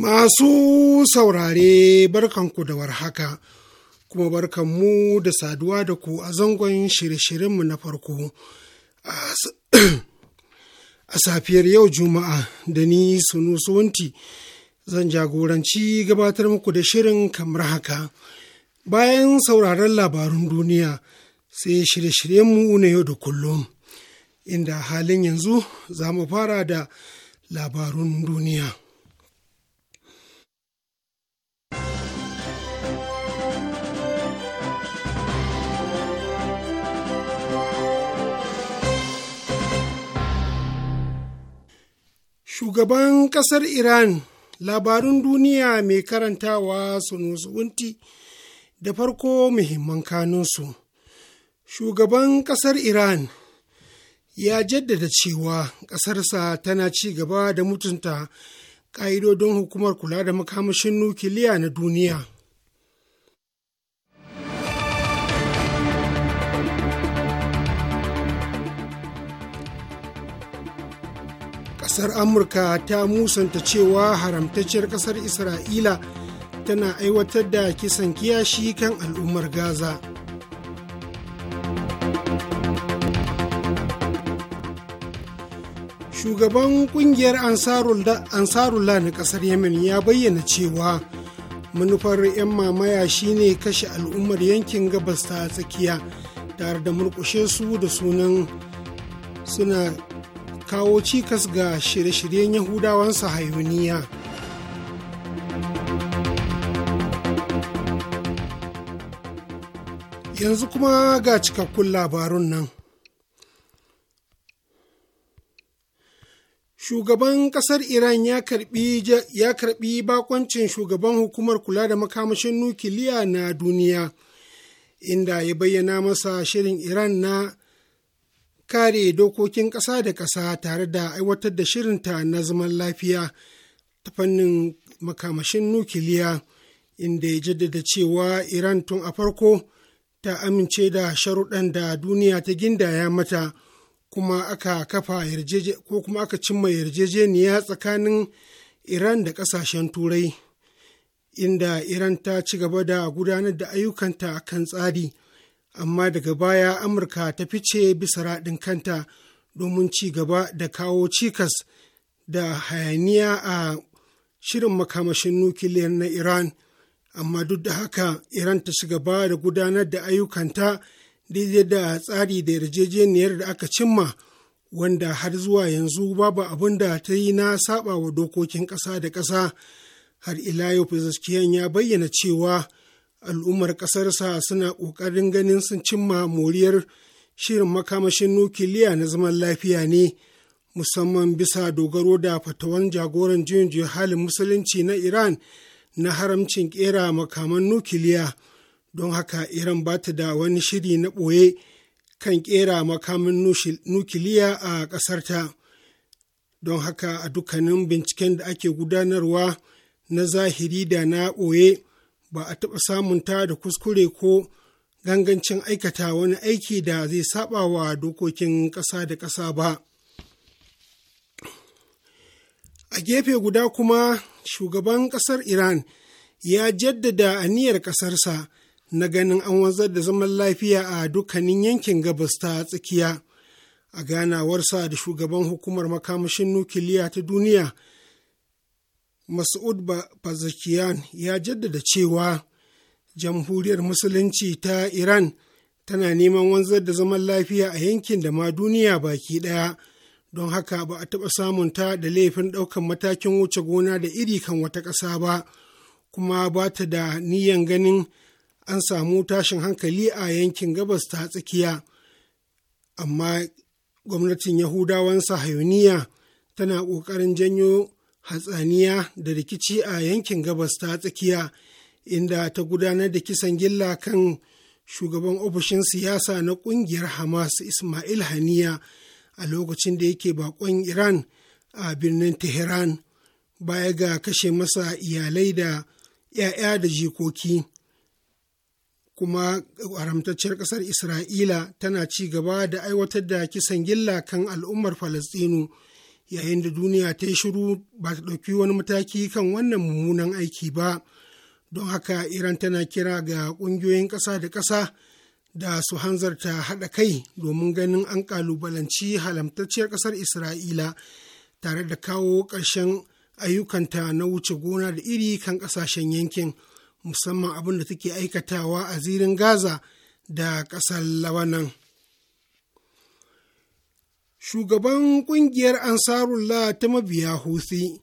Masu saurare barkanku da warhaka, kuma barkanmu da saduwa da ku a zangon shirye-shiryenmu na farko. A safiyar yau Juma'a da ni sunu suwanti zan jagoranci gabatar muku da shirin kamar haka. Bayan sauraron labarun duniya sai shirye-shiryenmu na yau da kullum, inda halin yanzu za mu fara da labarun duniya. Shugaban ƙasar Iran labarun duniya mai karantawa Sunusu da farko muhimman kanunsu. Shugaban ƙasar Iran ya jaddada cewa ƙasarsa tana ci gaba da mutunta ƙa'idodin hukumar kula da makamashin nukiliya na duniya. ƙasar amurka ta musanta cewa haramtacciyar ƙasar isra'ila tana aiwatar da kisan kiyashi kan al'ummar gaza shugaban kungiyar ansarula na ƙasar yemen ya bayyana cewa manufar 'yan mamaya shine kashe al'ummar yankin gabas ta tsakiya tare da murkushe su da sunan suna kawo cikas ga shirye-shiryen yahudawan sahayuniya yanzu kuma ga cikakkun labarun nan shugaban kasar iran ya karbi bakoncin shugaban hukumar kula da makamashin nukiliya na duniya inda ya bayyana masa shirin iran na kare dokokin ƙasa da ƙasa tare da aiwatar da shirinta na zaman lafiya ta fannin makamashin nukiliya inda ya jaddada cewa iran tun a farko ta amince da sharuɗan da duniya ta gindaya mata kuma aka kafa ko kuma aka cimma yarjejeniya tsakanin iran da ƙasashen turai inda iran ta ci gaba da gudanar da ayyukanta kan tsari amma daga baya amurka ta fice bisa raɗin kanta domin ci gaba da kawo cikas da hayaniya a shirin makamashin nukiliyar na iran amma duk da haka iran ta ci gaba da gudanar da ayyukanta daidai da tsari da yarjejeniyar da aka cimma wanda har zuwa yanzu babu abin da ta yi na saba wa dokokin ƙasa da ƙasa har ila yau ya bayyana cewa al'ummar ƙasarsa suna ƙoƙarin ganin sun cimma moriyar shirin makamashin nukiliya na zaman lafiya ne musamman bisa dogaro da fatawan jagoran juyin halin musulunci na iran na haramcin ƙera makaman nukiliya don haka iran ba ta da wani shiri na ɓoye kan ƙera makamin nukiliya a ƙasarta don haka a dukkanin binciken da ake gudanarwa na zahiri da na ɓoye ba a taɓa samun ta da kuskure ko gangancin aikata wani aiki da zai saba wa dokokin ƙasa da ƙasa ba. A gefe guda kuma shugaban ƙasar Iran ya jaddada aniyar ƙasarsa na ganin an wanzar da zaman lafiya a dukkanin yankin gabas ta tsakiya. A ganawarsa da shugaban hukumar makamashin nukiliya ta duniya Mas'ud Bazakiyan ya jaddada cewa jamhuriyar musulunci ta Iran tana neman wanzar da zaman lafiya a yankin da ma duniya baki ɗaya don haka ba a taɓa samun ta da laifin ɗaukan matakin wuce gona da iri kan wata ƙasa ba kuma ba ta da niyan ganin an samu tashin hankali a yankin gabas ta tsakiya amma gwamnatin yahudawan sahayuniya tana ƙoƙarin janyo hatsaniya da rikici a yankin gabas ta tsakiya inda ta gudanar da kisan gilla kan shugaban ofishin siyasa na kungiyar hamas ismail haniya a lokacin da yake bakon iran a birnin tehran baya ga kashe masa iyalai da 'ya'ya da jikoki kuma haramtacciyar ƙasar isra'ila tana ci gaba da aiwatar da kisan gilla kan al'ummar falastinu yayin da duniya ta yi shiru ba ta ɗauki wani mataki kan wannan mummunan aiki ba don haka iran tana kira ga ƙungiyoyin ƙasa da ƙasa da su hanzarta haɗa kai domin ganin an ƙalubalanci halamtacciyar ƙasar isra'ila tare da kawo ƙarshen ayyukanta na wuce gona da iri kan ƙasashen yankin musamman abin da take aikatawa a zirin gaza da ƙasar labanan Shugaban ƙungiyar Ansarullah ta mabiya Houthi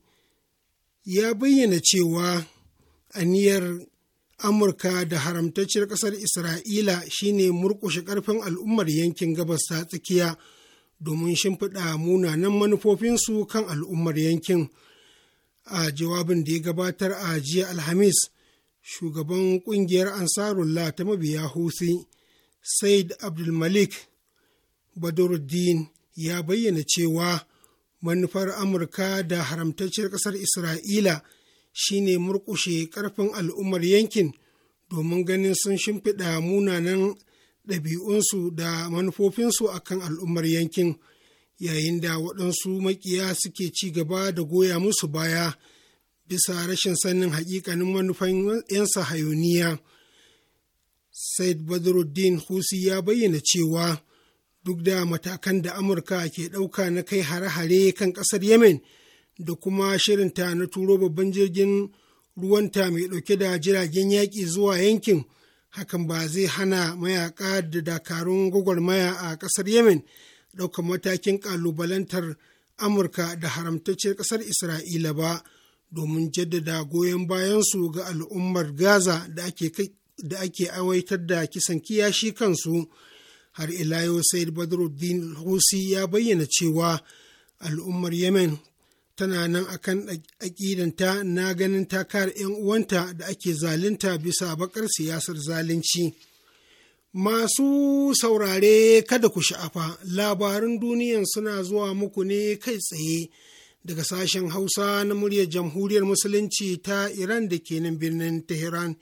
ya bayyana cewa aniyar Amurka da haramtacciyar ƙasar Isra'ila shine murƙushe ƙarfin al'ummar yankin gabas ta tsakiya domin shimfiɗa munanan manufofinsu kan al'ummar yankin. A jawabin da ya gabatar a jiya Alhamis, shugaban ƙungiyar Ansarullah ta mabiya husi Said Abdulmalik Badurdin. ya bayyana cewa manufar amurka da haramtacciyar ƙasar isra'ila shine murƙushe ƙarfin al'ummar yankin domin ganin sun shimfiɗa munanan ɗabi'unsu da manufofinsu a kan al'ummar yankin yayin da waɗansu makiya suke ci gaba da goya musu baya bisa rashin sanin haƙiƙanin manufan 'yan sahayoniya said badruddin husi ya bayyana cewa duk da matakan da amurka ke ɗauka na kai hare-hare kan ƙasar yemen da kuma shirinta na turo babban jirgin ruwanta mai ɗauke da jiragen yaƙi zuwa yankin hakan ba zai hana mayaƙa da dakarun gwagwarmaya a ƙasar yemen ɗaukar matakin ƙalubalantar amurka da haramtacciyar ƙasar isra'ila ba domin jaddada goyon bayansu ga al'ummar gaza da ake aiwatar da kisan kiyashi kansu har ila yau badruddin husi ya bayyana cewa al'ummar yemen tana nan akan aƙidanta na ganin ta 'yan uwanta da ake zalunta bisa bakar siyasar zalunci masu saurare kada ku sha'afa labarin duniyan suna zuwa muku ne kai tsaye daga sashen hausa na muryar jamhuriyar musulunci ta iran da ke nan birnin tehran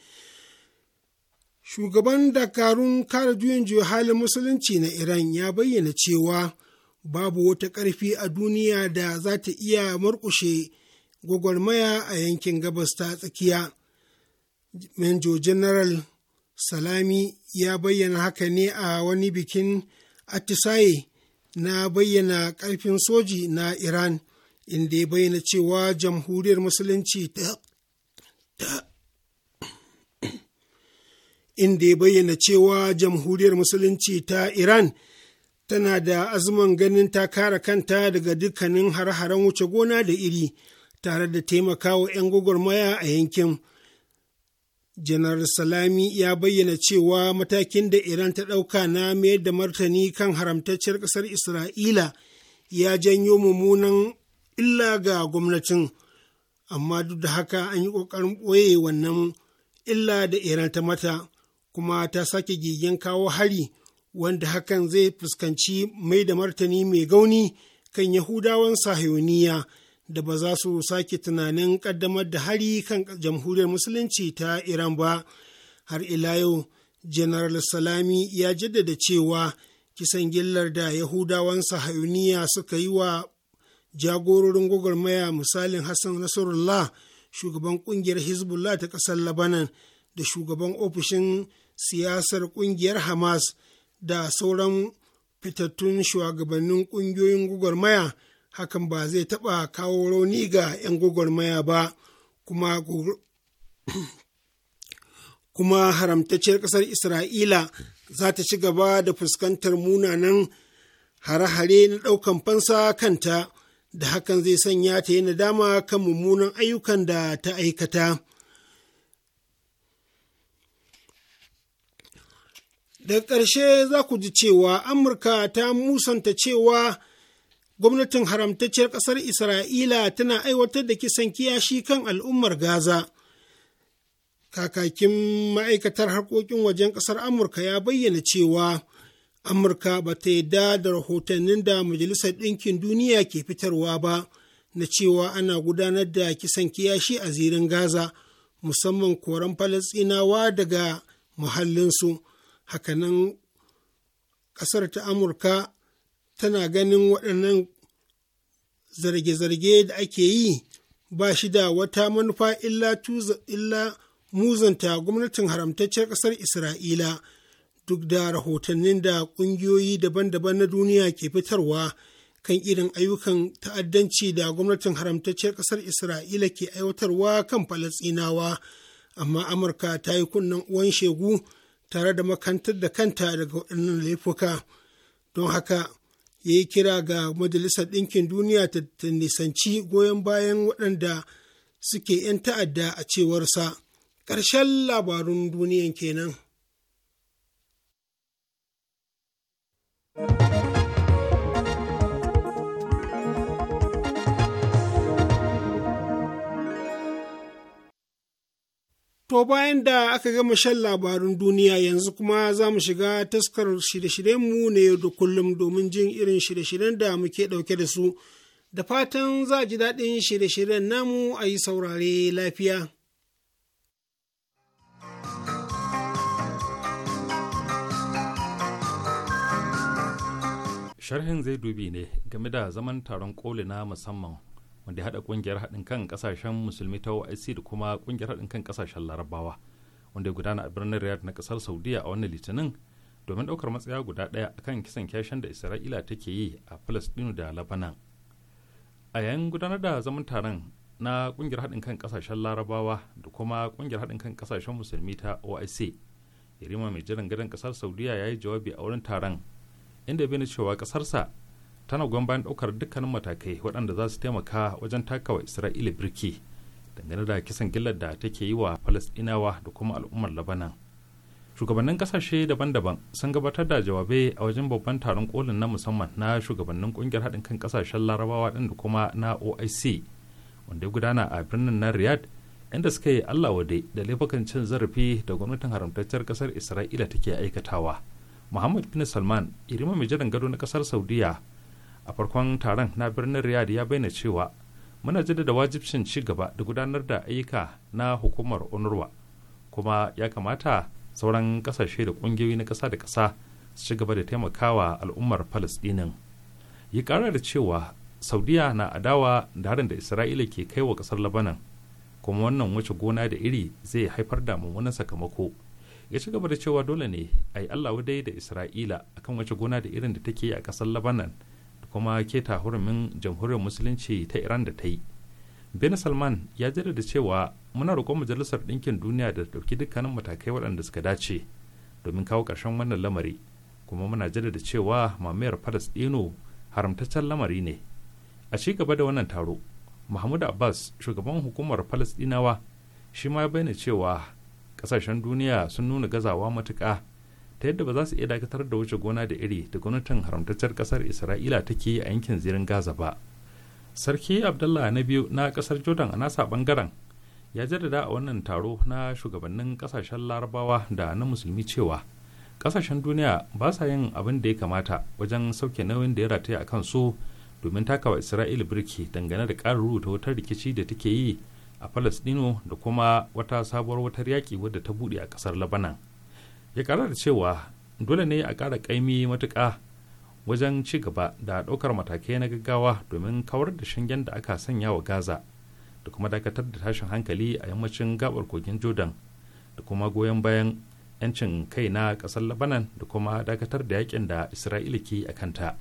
Shugaban dakarun kare juyin juya halin musulunci na Iran ya bayyana cewa babu wata ƙarfi a duniya da za ta iya murƙushe gwagwarmaya a yankin gabas ta tsakiya. Manjo General Salami ya bayyana haka ne a wani bikin atisaye na bayyana ƙarfin soji na Iran, inda ya bayyana cewa jamhuriyar musulunci ta inda ya bayyana cewa jamhuriyar musulunci ta iran tana da azumin ganin ta kare kanta daga dukkanin har-haren wuce gona da iri tare da taimakawa 'yan gwagwarmaya a yankin janar salami ya bayyana cewa matakin da iran ta ɗauka na mayar da martani kan haramtacciyar ƙasar isra'ila ya janyo mummunan illa ga gwamnatin amma duk da haka an yi ƙoƙarin ɓoye wannan illa da iran ta mata kuma ta sake gigin kawo hari wanda hakan zai fuskanci mai da martani mai gauni kan yahudawan sahiyoniya da ba za su sake tunanin kaddamar da hari kan jamhuriyar musulunci ta iran ba har ila yau general salami ya jaddada cewa kisan gillar da yahudawan sahayuniya suka yi wa jagororin gwagwarmaya misalin hassan nasarullah shugaban kungiyar hezbollah ta ƙasar labanan da shugaban ofishin siyasar ƙungiyar hamas da sauran fitattun shugabannin ƙungiyoyin gwagwarmaya hakan ba zai taɓa kawo rauni ga 'yan gwagwarmaya ba kuma kuma haramtacciyar ƙasar isra'ila za ta ci gaba da fuskantar munanan hare-hare na ɗaukan fansa kanta da hakan zai sanya ta yi nadama kan mummunan ayyukan da ta aikata. daga ƙarshe za ku ji cewa amurka ta musanta cewa gwamnatin haramtacciyar ƙasar isra'ila tana aiwatar da kisan kiyashi kan al'ummar gaza kakakin ma'aikatar harkokin wajen ƙasar amurka ya bayyana cewa amurka ba ta yarda da rahotannin da majalisar ɗinkin duniya ke fitarwa ba na cewa ana gudanar da kisan kiyashi a zirin gaza musamman koren Falasinawa daga muhallinsu hakanan ƙasar ta amurka tana ganin waɗannan zarge-zarge da ake yi ba shi da wata manufa illa, muzanta gwamnatin haramtacciyar ƙasar isra'ila duk da rahotannin da ƙungiyoyi daban-daban na duniya ke fitarwa kan irin ayyukan ta'addanci da gwamnatin haramtacciyar ƙasar isra'ila ke aiwatarwa kan falasinawa amma amurka ta yi kunnen uwan shegu tare da makantar da kanta daga waɗannan laifuka don haka ya yi kira ga majalisar ɗinkin duniya ta nisanci goyon bayan waɗanda suke 'yan ta'adda a cewarsa ƙarshen labarun duniyan kenan. To bayan da aka gama shan labarun duniya yanzu kuma za mu shiga taskar shirye-shiryenmu na yau da kullum domin jin irin shirye-shiryen da muke ɗauke da su. Da fatan za ji daɗin shirye-shiryen namu a yi saurare lafiya. Sharhin zai dubi ne game da zaman taron koli na musamman wanda ya haɗa ƙungiyar haɗin kan ƙasashen musulmi ta oic da kuma ƙungiyar haɗin kan ƙasashen larabawa wanda ya gudana a birnin riyadh na ƙasar saudiya a wannan litinin domin ɗaukar matsaya guda ɗaya akan kisan kyashen da isra'ila take yi a palestinu da labanan a yayin gudanar da zaman taron na ƙungiyar haɗin kan ƙasashen larabawa da kuma ƙungiyar haɗin kan ƙasashen musulmi ta oic yarima mai jiran gadon ƙasar saudiya ya yi jawabi a wurin taron inda bini cewa ƙasarsa tana goyon bayan ɗaukar dukkanin matakai waɗanda za su taimaka wajen takawa isra'ila birki dangane da kisan gillar da take yi wa falasɗinawa da kuma al'ummar labanan shugabannin kasashe daban-daban sun gabatar da jawabai a wajen babban taron kolin na musamman na shugabannin ƙungiyar haɗin kan kasashen larabawa ɗin da kuma na oic wanda ya gudana a birnin na riyad inda suka yi allah wade da laifukan cin zarafi da gwamnatin haramtacciyar kasar isra'ila take aikatawa muhammad bin salman irima mai jiran gado na kasar saudiya a farkon taron na birnin riyadh ya bayyana cewa muna da wajibcin ci gaba da gudanar da ayyuka na hukumar onurwa kuma ya kamata sauran kasashe da kungiyoyi na kasa da kasa su ci gaba da taimakawa al'ummar palestinin yi kara da cewa saudiya na adawa da harin da isra'ila ke kai wa ƙasar labanan kuma wannan wuce gona da iri zai haifar da mummunan sakamako ya ci gaba da cewa dole ne a yi allah dai da isra'ila akan wuce gona da irin da take a kasar labanan kuma keta hurumin jamhuriyar musulunci ta iran da ta yi bin salman ya jaddada cewa muna roƙon majalisar ɗinkin duniya da ɗauki dukkanin matakai waɗanda suka dace domin kawo ƙarshen wannan lamari kuma muna jaddada cewa mamayar palestino haramtaccen lamari ne a ci gaba da wannan taro mahmud abbas shugaban hukumar palestinawa shi ma ya bayyana cewa ƙasashen duniya sun nuna gazawa matuƙa ta yadda ba za su iya dakatar da wuce gona da iri da gwamnatin haramtaccen kasar isra'ila take yi a yankin zirin gaza ba sarki abdullah na biyu na kasar jordan a nasa bangaren ya jaddada a wannan taro na shugabannin kasashen larabawa da na musulmi cewa kasashen duniya ba sa yin abin da ya kamata wajen sauke nauyin da ya rataya a kan su domin takawa isra'ila birki dangane da ƙarin rubuta wutar rikici da take yi a falasdino da kuma wata sabuwar wutar yaƙi wadda ta buɗe a ƙasar labanan ya kara da cewa dole ne a kara kaimi matuƙa wajen ci gaba da ɗaukar matakai na gaggawa domin kawar da shingen da aka sanya wa gaza da kuma dakatar da tashin hankali a yammacin gabar kogin jordan da kuma goyon bayan 'yancin kai na ƙasar labanan da kuma dakatar da yakin da isra'ila ke a kanta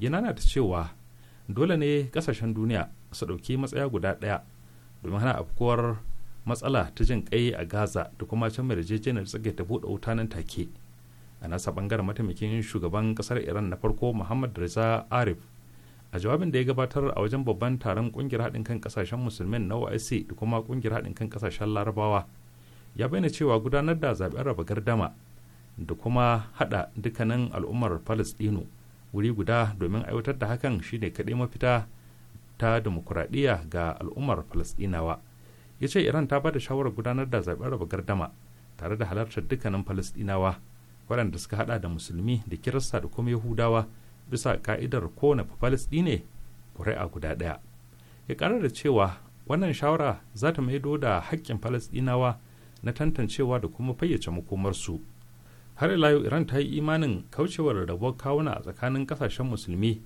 yana na ta cewa dole ne ƙasashen duniya su ɗauki matsaya guda ɗaya domin hana afkuwar matsala ta jin kai a gaza da kuma can mai yarjejeniyar tsage ta buɗe wuta nan take a nasa bangaren mataimakin shugaban kasar iran na farko muhammad reza arif a jawabin da ya gabatar a wajen babban taron kungiyar haɗin kan kasashen musulmin na oic da kuma kungiyar haɗin kan kasashen larabawa ya bayyana cewa gudanar da zaɓen raba gardama da kuma haɗa dukkanin al'ummar palestino wuri guda domin aiwatar da hakan shine kaɗai mafita ta dimokuraɗiyya ga al'ummar palestinawa ya ce iran ta bada shawarar gudanar da zaɓen raba gardama tare da halartar dukkanin falastinawa waɗanda suka haɗa da musulmi da kirista da kuma yahudawa bisa ka'idar kowane falastine ƙuri'a guda ɗaya ya ƙara da cewa wannan shawara za ta maido da haƙƙin falastinawa na tantancewa da kuma fayyace makomarsu har ila yau iran ta yi imanin kaucewar rabuwar kawuna a tsakanin ƙasashen musulmi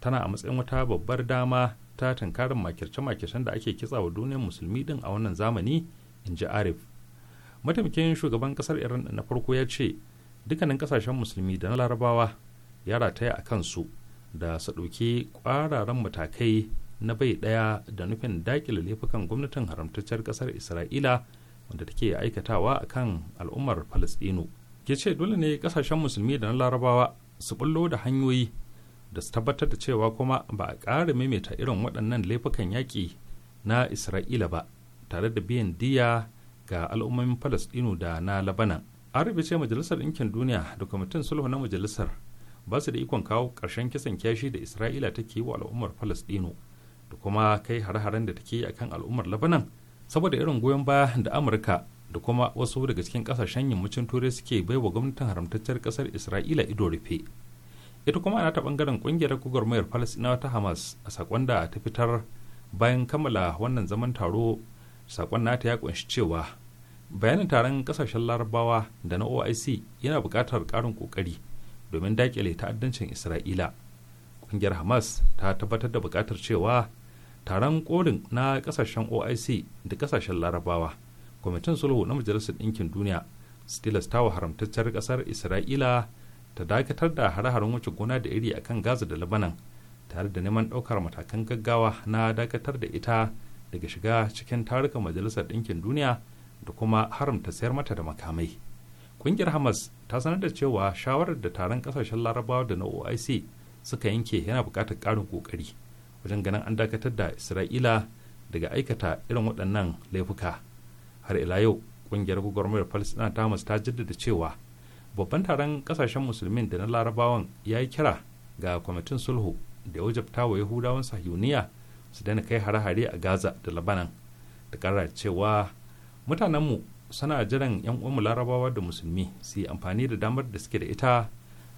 tana a matsayin wata babbar dama ta tunkarin makirce-makircen da ake kitsa wa duniyar musulmi din a wannan zamani in ji arif mataimakin shugaban kasar iran na farko ya ce dukkanin kasashen musulmi da na larabawa ya rataya a kansu da su ɗauki ƙwararren matakai na bai ɗaya da nufin daƙile laifukan gwamnatin haramtacciyar kasar isra'ila wanda take aikatawa a kan al'ummar falastinu ya ce dole ne kasashen musulmi da na larabawa su bullo da hanyoyi da su tabbatar da cewa kuma ba a ƙara maimaita irin waɗannan laifukan yaƙi na isra'ila ba tare da biyan diya ga al'ummomin falastinu da na labanan an rubuce majalisar ɗinkin duniya da kwamitin sulhu na majalisar ba su da ikon kawo ƙarshen kisan kyashi da isra'ila take yi wa al'ummar falastinu da kuma kai hare-haren da take yi kan al'ummar labanan saboda irin goyon baya da amurka da kuma wasu daga cikin ƙasashen yammacin turai suke wa gwamnatin haramtacciyar ƙasar isra'ila ido rufe ita kuma ana ta bangaren kungiyar gwagwarmayar falasinawa ta hamas a sakon da ta fitar bayan kammala wannan zaman taro sakon nata ya kunshi cewa bayanin taron kasashen larabawa da na oic yana buƙatar ƙarin ƙoƙari domin daƙile ta'addancin isra'ila kungiyar hamas ta tabbatar da buƙatar cewa taron korin na kasashen oic da kasashen larabawa kwamitin sulhu na majalisar ɗinkin duniya su tilasta wa haramtaccen ƙasar isra'ila ta dakatar da hare-haren wuce gona da iri akan gaza da labanan tare da neman ɗaukar matakan gaggawa na dakatar da ita daga shiga cikin tarukan majalisar ɗinkin duniya da kuma haramta sayar mata da makamai ƙungiyar hamas ta sanar da cewa shawarar da taron ƙasashen larabawa da na oic suka yanke yana buƙatar ƙarin ƙoƙari wajen ganin an dakatar da isra'ila daga aikata irin waɗannan laifuka har ila yau ƙungiyar gwagwarmayar palestina ta hamas ta jaddada cewa babban taron kasashen musulmin da na larabawan ya yi kira ga kwamitin sulhu da ya wajabta wa yahudawan sahiyuniya su daina kai hare-hare a gaza da labanan da kara cewa mutanenmu suna jiran 'yan uwanmu larabawa da musulmi su yi amfani da damar da suke da ita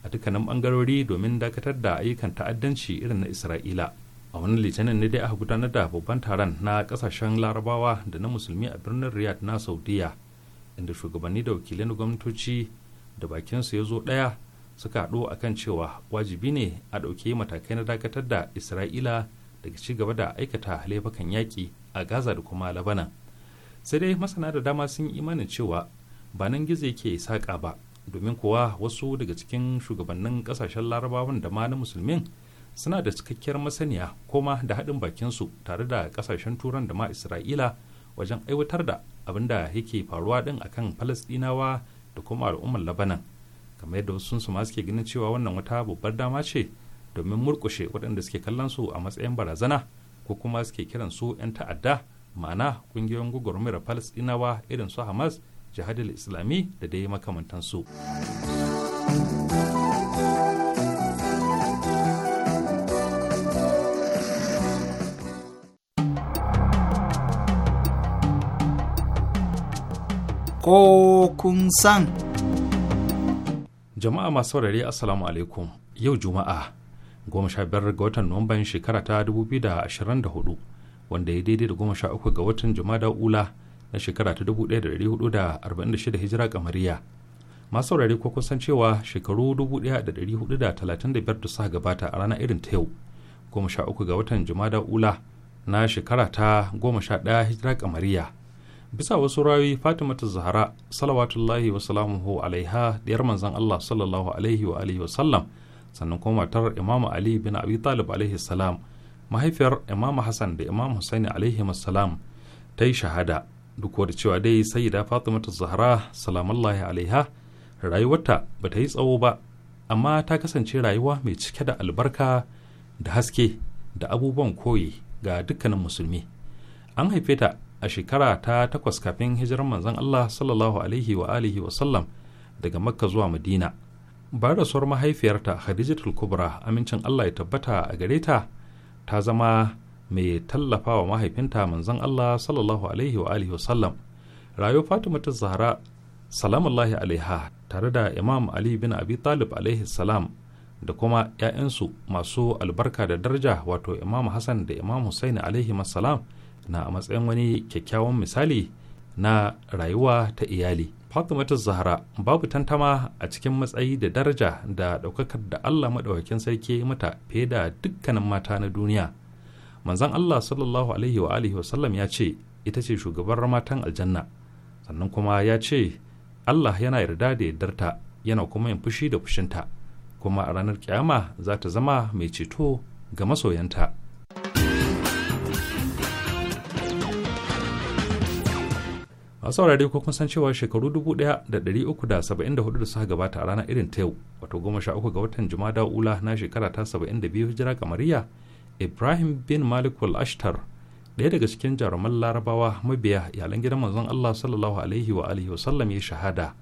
a dukkanin bangarori domin dakatar da ayyukan ta'addanci irin na isra'ila a wani litinin ne dai aka gudanar da babban taron na kasashen larabawa da na musulmi a birnin riyadh na saudiya inda shugabanni da wakilai na gwamnatoci da bakinsu ya zo ɗaya suka haɗu a kan cewa wajibi ne a ɗauke matakai na dakatar da isra'ila daga ci gaba da aikata laifukan yaƙi a gaza da kuma labanan sai dai masana da dama sun yi imanin cewa ba nan gizo yake saƙa ba domin kuwa wasu daga cikin shugabannin ƙasashen larabawan da ma na musulmin suna da cikakkiyar masaniya koma da haɗin bakinsu tare da ƙasashen turan da ma isra'ila wajen aiwatar da abin da yake faruwa ɗin akan falasɗinawa da kuma al'ummar labanan kamar yadda wasu sun ma suke ganin cewa wannan wata babbar dama ce domin murkushe waɗanda suke kallon su a matsayin barazana ko kuma suke kiran su 'yan ta'adda ma'ana ƙungiyoyin gwagwarmayar palestinawa irin su hamas jihadil islami da dai makamantansu. su ko kun san. Jama'a masu saurare Assalamu alaikum yau Juma'a goma sha biyar ga watan Nuwamban shekara ta dubu biyu da ashirin da hudu wanda ya daidai da goma sha uku ga watan Jumada Ula na shekara ta dubu ɗaya da ɗari hudu da arba'in da shida hijira kamariya. Masu saurare ko kun san cewa shekaru dubu ɗaya da ɗari hudu da talatin da biyar da suka gabata a ranar irin ta yau goma sha uku ga watan Jumada Ula na shekara ta goma sha ɗaya hijira kamariya. bisa wasu rawi fatima ta zahara salawatullahi wa salamuhu alaiha diyar manzan allah sallallahu alaihi wa alihi wasallam sannan kuma matar imamu ali bin abi talib alaihi salam mahaifiyar imamu hassan da imamu husaini alaihi salam ta yi shahada duk da cewa dai sayyida fatima ta zahara salamallahi alaiha rayuwarta ba ta yi tsawo ba amma ta kasance rayuwa mai cike da albarka da haske da abubuwan koyi ga dukkanin musulmi an haife ta a shekara ta takwas kafin hijirar manzon Allah sallallahu alaihi wa alihi wa sallam daga Makka zuwa Madina. da rasuwar mahaifiyarta Khadijatul Kubra amincin Allah ya tabbata a gare ta ta zama mai tallafa wa mahaifinta manzon Allah sallallahu alaihi wa alihi wa sallam. Rayo Fatima ta Zahra salamullahi alaiha tare da Imam Ali bin Abi Talib alaihi salam da kuma 'ya'yansu masu albarka da daraja wato Imam Hassan da Imam Hussein alaihi salam na a matsayin wani kyakkyawan misali na rayuwa ta iyali fatimatu zahra babu tantama a cikin matsayi da daraja da ɗaukakar da allah maɗaukakin sarki mata fiye da dukkanin mata na duniya manzon allah sallallahu alaihi wa alihi ya ce ita ce shugabar matan aljanna sannan kuma ya ce allah yana yarda da yardarta yana kuma yin fushi da fushinta kuma a ranar kyama za ta zama mai ceto ga masoyanta masu saurare ko kun san cewa shekaru 1374 da da da hudu suka gabata a ranar irin ta yau wato goma 13 ga watan jumada ula na shekara ta 72 hijira kamariya ibrahim bin malik ashtar ɗaya daga cikin jaruman larabawa mabiya iyalan gidan manzon allah sallallahu alaihi wa alihi wasallam ya shahada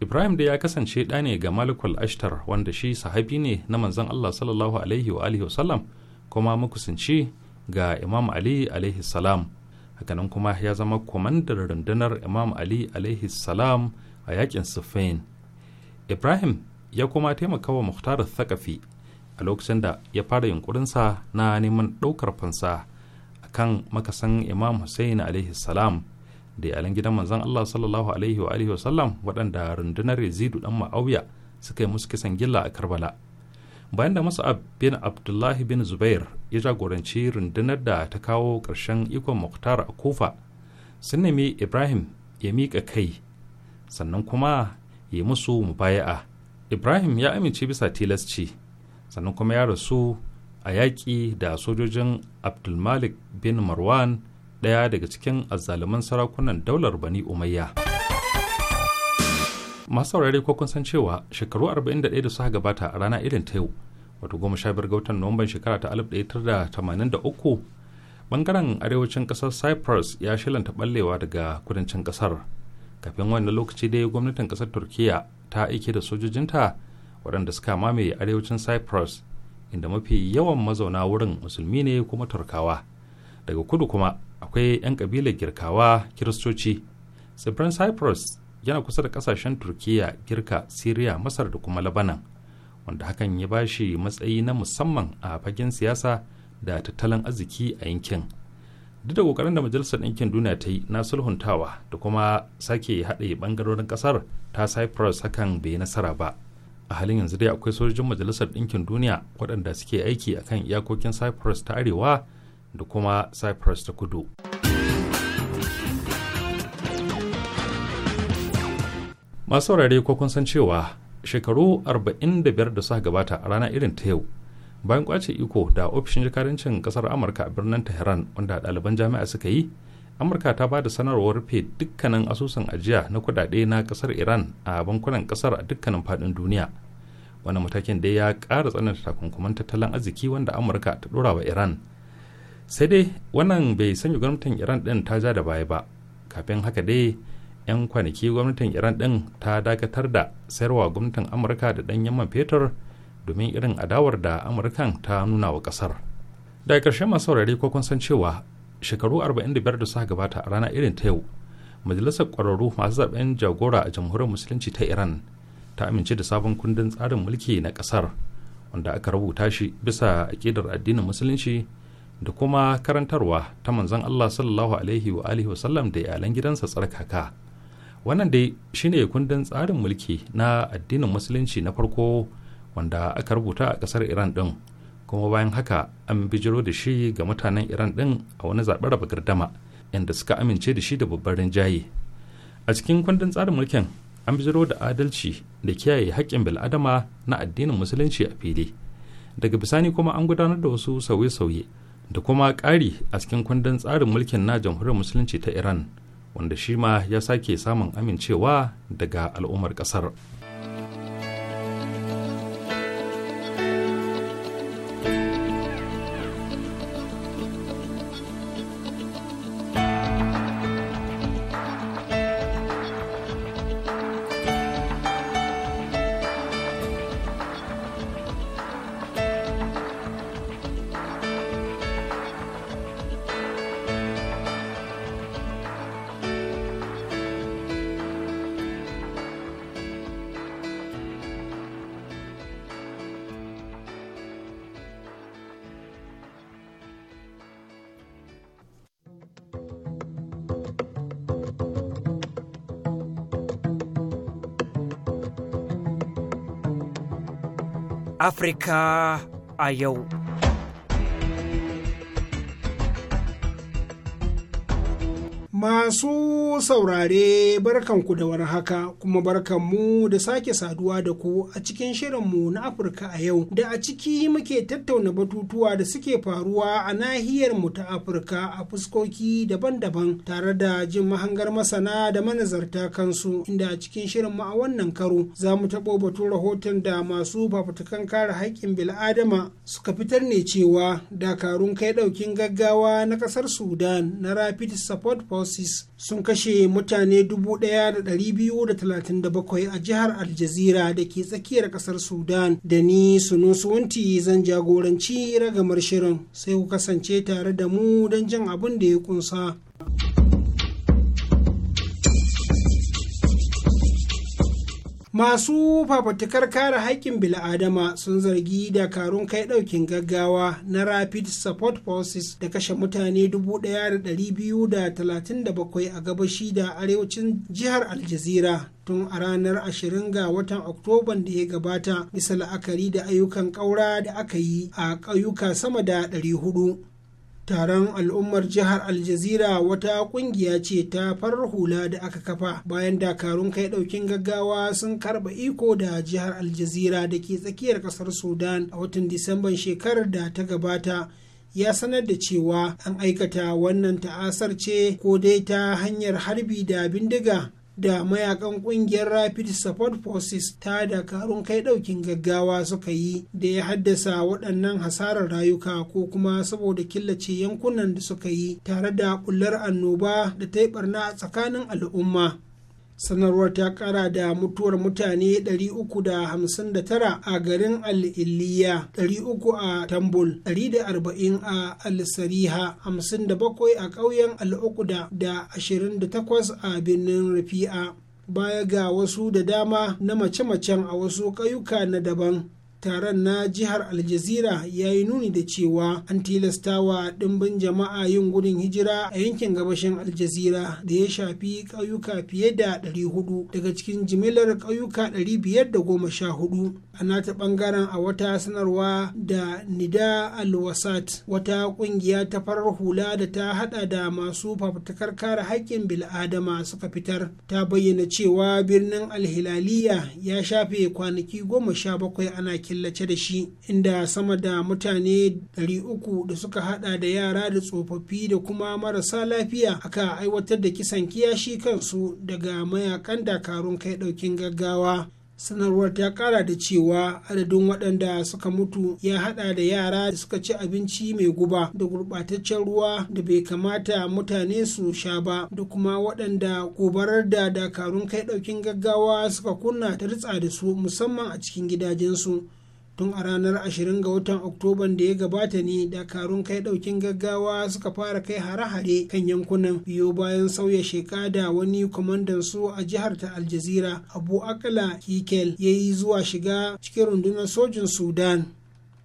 ibrahim da ya kasance ɗa ne ga malik ashtar wanda shi sahabi ne na manzon allah sallallahu alaihi wa alihi wasallam kuma makusanci ga imam ali alaihi salam hakanan kuma ya zama kwamandar rundunar imam ali alaihi salam a yakin sifain ibrahim ya kuma taimaka wa muhtar thakafi a lokacin da ya fara yunkurinsa na neman ɗaukar fansa a kan makasan imam hussein alaihi salam da yalan gidan manzon allah sallallahu alaihi wa alihi wasallam waɗanda rundunar yazidu dan ma'auya suka yi musu kisan gilla a karbala bayan da masu bin abdullahi bin zubair ya jagoranci rundunar da ta kawo ƙarshen ikon muktar a kofa sun nemi ibrahim ya miƙa kai sannan kuma ya musu mubaya'a ibrahim ya amince bisa tilasci sannan kuma ya rasu a yaƙi da sojojin abdulmalik bin marwan ɗaya daga cikin azzaluman sarakunan daular bani umayya masu saurari ko kun san cewa shekaru 41 da suka gabata a rana irin ta yau wato goma sha biyar ga watan nuwamban shekara ta alif da da tamanin uku bangaren arewacin kasar cyprus ya shilanta ɓallewa daga kudancin ƙasar kafin wannan lokaci dai gwamnatin ƙasar turkiya ta aike da sojojinta waɗanda suka mamaye arewacin cyprus inda mafi yawan mazauna wurin musulmi ne kuma turkawa daga kudu kuma akwai 'yan kabilar girkawa kiristoci tsibirin cyprus yana kusa da ƙasashen turkiya girka syria masar da kuma labanan wanda hakan ya ba shi matsayi na musamman a fagen siyasa da tattalin arziki a yankin duk da kokarin da majalisar ɗinkin duniya ta yi na sulhuntawa da kuma sake haɗe ɓangarorin ƙasar ta cyprus hakan bai nasara ba a halin yanzu dai akwai sojojin majalisar ɗinkin duniya waɗanda suke aiki a kan iyakokin cyprus ta arewa da kuma cyprus ta kudu masu saurare ko kun san cewa shekaru 45 da suka gabata a rana irin ta yau bayan kwace iko da ofishin jakadancin kasar amurka a birnin tehran wanda ɗaliban jami'a suka yi amurka ta ba da sanarwar rufe dukkanin asusun ajiya na kudade na kasar iran a bankunan kasar a dukkanin faɗin duniya wani matakin dai ya kara tsananta takunkuman tattalin arziki wanda amurka ta ɗora wa iran sai dai wannan bai sanya gwamnatin iran ɗin ta ja da baya ba kafin haka dai 'yan kwanaki gwamnatin iran din ta dakatar da sayarwa gwamnatin amurka da dan yamman fetur domin irin adawar da amurkan ta nuna wa kasar. daga ƙarshe masu saurari ko kun san cewa shekaru 45 da suka gabata a rana irin ta yau majalisar ƙwararru masu zaben jagora a jamhuriyar musulunci ta iran ta amince da sabon kundin tsarin mulki na kasar wanda aka rubuta shi bisa aƙidar addinin musulunci da kuma karantarwa ta manzon Allah sallallahu alaihi wa alihi wasallam da iyalan gidansa tsarkaka wannan dai shine kundin tsarin mulki na addinin musulunci na farko wanda aka rubuta a kasar iran din kuma bayan haka an bijiro da shi ga mutanen iran din a wani zaɓen raba gardama inda suka amince da shi da babbar rinjaye a cikin kundin tsarin mulkin an bijiro da adalci da kiyaye haƙƙin bil'adama na addinin musulunci a fili daga bisani kuma an gudanar da wasu sauye-sauye da kuma ƙari a cikin kundin tsarin mulkin na jamhuriyar musulunci ta iran wanda shi ma ya sake samun amincewa daga al'ummar ƙasar. Afirka a yau. saurare barkanku da war haka kuma barkanmu da sake saduwa da ku a cikin shirin mu na Afirka a yau da a ciki muke tattauna batutuwa da suke faruwa a nahiyar mu ta Afirka a fuskoki daban-daban tare da jin mahangar masana da manazarta kansu inda a cikin shirin mu a wannan karo za mu taɓo batun rahoton da masu fafutukan kare haƙƙin bil'adama suka fitar ne cewa dakarun kai ɗaukin gaggawa na ƙasar Sudan na Rapid Support Forces sun kashe kashe mutane 1,237 a jihar aljazira da ke tsakiyar ƙasar sudan da ni sunusuwanti zan jagoranci ragamar shirin sai ku kasance tare da mu don jin abin da ya kunsa. masu fafatukar kare haƙƙin bil'adama sun zargi dakarun kai ɗaukin gaggawa na rapid support forces da kashe mutane 1,237 a gabashi da arewacin jihar aljazira tun a ranar 20 ga watan oktoban da ya gabata bisa la'akari da ayyukan ƙaura da aka yi a ƙauyuka sama da 400 taron al'ummar jihar aljazira wata kungiya ce ta farar hula da aka kafa bayan dakarun kai daukin gaggawa sun karba iko da jihar aljazira da ke tsakiyar kasar sudan a watan disamban shekarar da ta gabata ya sanar da cewa an aikata wannan ta'asar ce ko dai ta hanyar harbi da bindiga da mayakan kungiyar rapid support forces ta dakarun kai daukin gaggawa suka yi da ya haddasa waɗannan hasarar rayuka ko kuma saboda killace yankunan da suka yi tare da kullar annoba da ta yi barna a tsakanin al'umma sanarwar ta kara da mutuwar mutane 359 a garin al-iliya 300 a tambul 140 a al-sariha 57 a ƙauyen al-ukuda da 28 a birnin rafi'a baya ga wasu da dama na mace-macen a wasu ƙauyuka na daban taron na jihar aljazira ya yi nuni da cewa an tilasta wa ɗimbin jama'a yin gudun hijira a yankin gabashin aljazira da ya shafi ƙauyuka fiye da 400 daga cikin jimillar ƙauyuka 514 a nata ɓangaren a wata sanarwa da nida alwasat wata ƙungiya ta farar hula da ta haɗa da masu fafutukar kare haƙƙin bil'adama suka fitar ta bayyana cewa birnin alhilaliya ya shafe kwanaki goma sha bakwai ana killace da shi inda sama da mutane 300 da suka hada da yara da tsofaffi da kuma marasa lafiya aka aiwatar da kisan kiyashi kansu daga mayakan dakarun kai daukin gaggawa sanarwar ta kara da cewa adadin waɗanda suka mutu ya hada da yara da suka ci abinci mai guba da gurɓataccen ruwa da bai kamata mutane su sha ba da kuma waɗanda gobarar da dakarun kai ɗaukin gaggawa suka kunna ta ritsa da su musamman a cikin gidajensu tun a ranar 20 ga watan oktoban da ya gabata ne dakarun kai daukin gaggawa suka fara kai hare-hare kan yankunan biyo bayan sauya sheka da wani kwamandan su a jihar ta aljazira abu akala kikel ya yi zuwa shiga cikin rundunar sojin sudan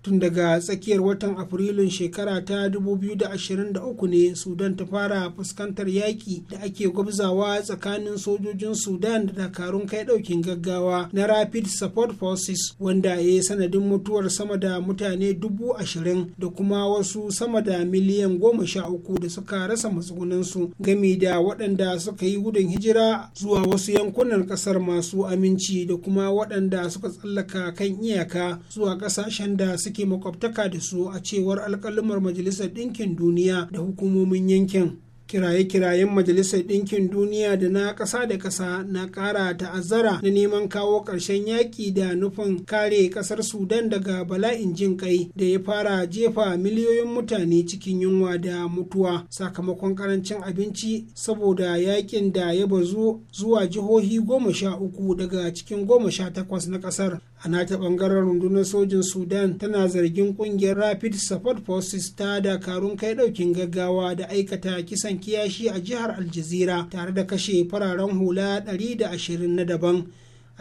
tun daga tsakiyar watan afrilun shekara ta 2023 ne sudan ta fara fuskantar yaƙi da ake gwabzawa tsakanin sojojin sudan da dakarun kai ɗaukin gaggawa na rapid support forces wanda ya yi sanadin mutuwar sama da mutane dubu ashirin da kuma wasu sama da miliyan goma sha uku da suka rasa matsugunansu gami da waɗanda suka yi gudun hijira zuwa wasu yankunan ƙasar masu aminci da kuma waɗanda suka tsallaka kan iyaka zuwa ƙasashen da suke suke makwabtaka da su a cewar alkalumar majalisar ɗinkin duniya da hukumomin yankin kiraye-kirayen majalisar ɗinkin duniya da na ƙasa da ƙasa na ƙara ta'azzara na neman kawo ƙarshen yaƙi da nufin kare ƙasar sudan daga bala'in jin ƙai da ya fara jefa miliyoyin mutane cikin yunwa da mutuwa sakamakon ƙarancin abinci saboda yaƙin da ya bazu zuwa jihohi goma sha uku daga cikin goma sha takwas na ƙasar a nata bangaren rundunar sojin sudan tana zargin kungiyar rapid support forces ta dakarun kai daukin gaggawa da aikata kisan kiyashi a jihar aljazira tare da kashe fararen hula 120 na daban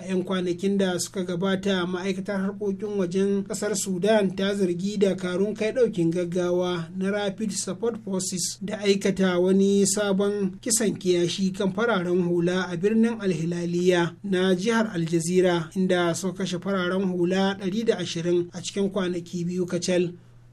a 'yan kwanakin da suka gabata ma'aikatar harkokin wajen kasar sudan ta zargi da karun kai daukin gaggawa na rapid support forces da aikata wani sabon kisan kiyashi kan fararen hula a birnin alhilaliya na jihar aljazira inda suka kashe fararen hula 120 a cikin kwanaki biyu kacal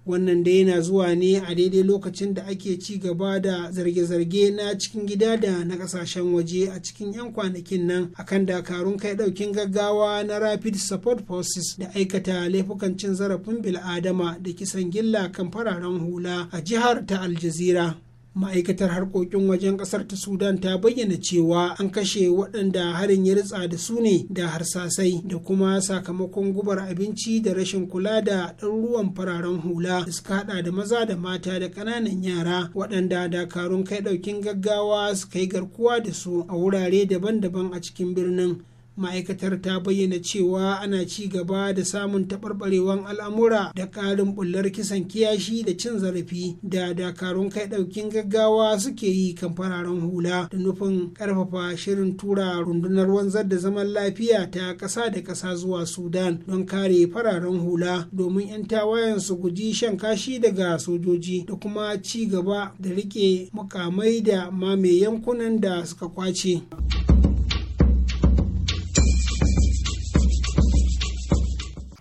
wannan da yana zuwa ne a daidai lokacin da ake ci gaba da zarge-zarge na cikin gida da na kasashen waje a cikin 'yan kwanakin nan akan dakarun kai daukin gaggawa na rapid support forces da aikata laifukan cin zarafin bil'adama da kisan gilla kan fararen hula a jihar ta Aljazeera. ma'aikatar harkokin wajen kasar ta sudan ta bayyana cewa an kashe waɗanda harin ya ritsa da su ne da harsasai da kuma sakamakon gubar abinci da rashin kula da ɗaruruwan fararen hula da suka haɗa da maza da mata da ƙananan yara waɗanda dakarun kai ɗaukin gaggawa suka yi garkuwa da su a wurare daban-daban a cikin birnin ma'aikatar ta bayyana cewa ana ci gaba da samun taɓarɓarewan al'amura da ƙarin bullar kisan kiyashi da cin zarafi da dakarun kai ɗaukin gaggawa suke yi kan fararen hula da nufin ƙarfafa shirin tura rundunar wanzar da zaman lafiya ta ƙasa da ƙasa zuwa sudan don kare fararen hula domin 'yan tawayen su guji shan kashi daga sojoji da kuma ci gaba da riƙe mukamai da mame yankunan da suka kwace.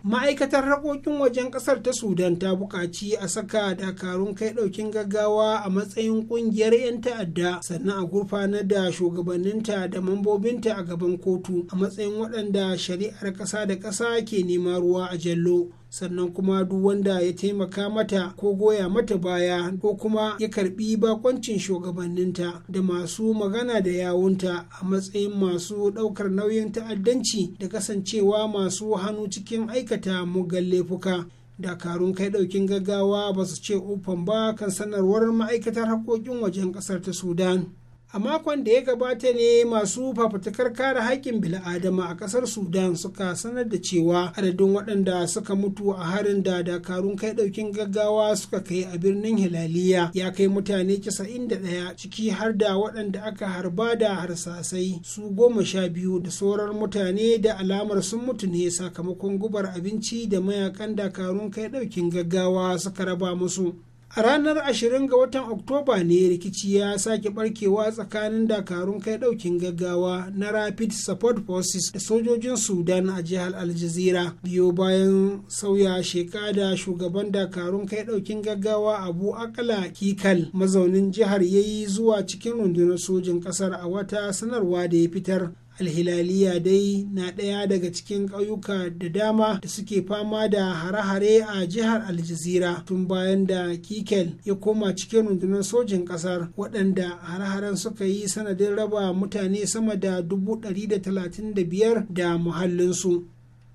ma'aikatar harkokin wajen ƙasar ta sudan ta buƙaci a saka dakarun kai ɗaukin gaggawa a matsayin ƙungiyar 'yan ta'adda sannan a gurfanar da shugabanninta da mambobinta a gaban kotu a matsayin waɗanda shari'ar ƙasa da ƙasa ke nema ruwa a jallo sannan kuma duk wanda ya taimaka mata ko goya mata baya ko kuma ya karbi bakoncin shugabanninta da masu magana da yawunta a matsayin masu daukar nauyin ta'addanci da kasancewa masu hannu cikin aikata muggan laifuka dakarun kai daukin gaggawa ba su ce ufan ba kan sanarwar ma'aikatar hakokin wajen ƙasar ta sudan a makon da ya gabata ne masu fafutukar kare haƙƙin bil'adama a ƙasar sudan suka sanar da cewa adadin waɗanda suka mutu a harin da dakarun kai ɗaukin gaggawa suka kai a birnin hilaliya ya kai mutane ɗaya, ciki har da waɗanda aka harba da harsasai su goma sha biyu da sauran mutane da alamar sun mutu ne sakamakon gubar abinci da mayakan dakarun kai ɗaukin gaggawa suka raba musu a ranar 20 ga watan oktoba ne rikici ya sake barkewa tsakanin dakarun kai daukin gaggawa na rapid support forces da sojojin sudan a jihar aljazira biyo bayan sauya sheka da shugaban dakarun kai daukin gaggawa abu akala kikal mazaunin jihar ya yi zuwa cikin rundunar sojin kasar a wata sanarwa da ya fitar alhilaliya dai na ɗaya daga cikin ƙauyuka da dama da suke fama da hare-hare a jihar aljazira tun bayan da kikel ya koma cikin rundunar sojin ƙasar waɗanda hare-haren suka yi sanadin raba mutane sama da dubu ɗari da talatin da biyar da muhallinsu